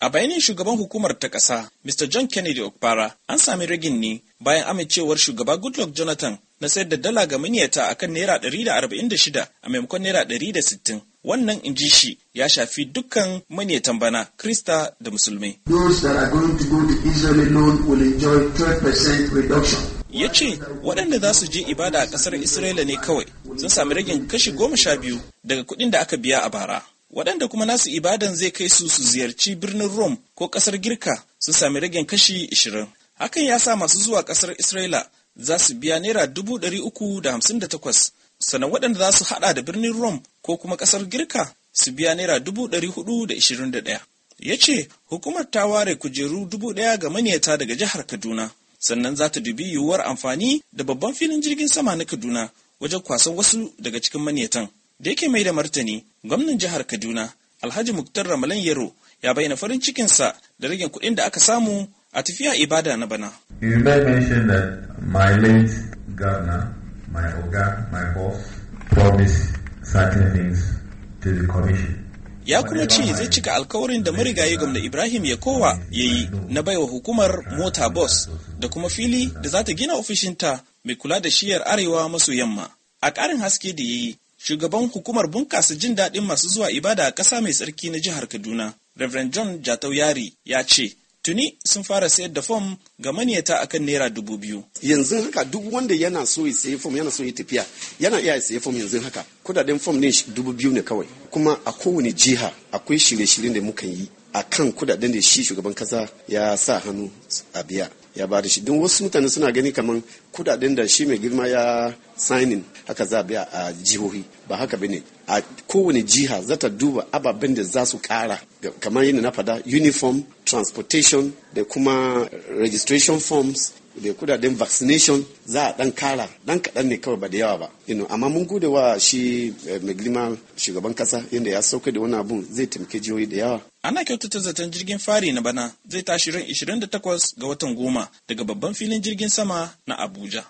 A bayanin shugaban hukumar ta ƙasa, Mr. John Kennedy Okpara, an sami ragin ne bayan amincewar shugaba Goodluck Jonathan na sayar da dala ga miniyata a kan Naira shida a maimakon Naira ɗari da sittin Wannan in ji shi ya shafi dukkan maniyatan bana, Krista da musulmi. Those ya ce waɗanda za su je ibada a ƙasar Isra'ila ne kawai sun sami ragin kashi goma sha biyu daga kuɗin da aka biya a bara. waɗanda kuma nasu ibadan zai kai su su ziyarci birnin Rome ko ƙasar Girka su sami ragen kashi 20. Hakan ya sa masu zuwa ƙasar Isra'ila za su biya naira dubu 358 sannan waɗanda za su haɗa da birnin Rome ko kuma ƙasar Girka su biya naira 421. Ya ce hukumar ta ware kujeru dubu ɗaya ga maniyata daga jihar Kaduna sannan za ta dubi yiwuwar amfani da babban filin jirgin sama na Kaduna wajen kwasan wasu daga cikin maniyatan. Da yake mai da martani, gwamnan jihar Kaduna, Alhaji Muktar Ramalan Yaro, ya bayyana farin cikinsa da rage kuɗin da aka samu a tafiya ibada na bana. ya kuma ce zai cika alkawarin da marigayi gwamna ibrahim ya kowa ya yi na baiwa hukumar mota bus da kuma fili da za ta gina ofishinta mai kula da shiyar arewa maso yamma a ƙarin haske da ya yi shugaban hukumar bunkasa jin daɗin masu zuwa ibada a ƙasa mai tsarki na jihar Kaduna, Rev. John Jatau Yari ya ce, tuni sun fara sayar da fom ga maniyata akan naira dubu biyu. Yanzu haka duk wanda yana so ya sayi fom yana so ya tafiya yana iya sayi fom yanzu haka kudaden fom ne dubu biyu ne kawai kuma a kowane jiha akwai shirye-shiryen da muka yi a kan kudaden da shi shugaban kasa ya sa hannu a biya ya ba da shi don wasu mutane suna gani kamar kudaden da shi mai girma ya signing haka za a biya a jihohi ba haka ba ne a kowane jiha za ta duba ababen da za su kara kamar yadda na fada uniform transportation da kuma registration forms da kudaden vaccination za a dan kara dan kaɗan ne kawai ba da yawa ba you amma mun gode wa shi eh, mai girma shugaban kasa yadda ya sauka da wani abun zai taimake jihohi da yawa ana kyautata zaton jirgin fari na bana zai tashi ran 28 ga watan goma daga babban filin jirgin sama na abuja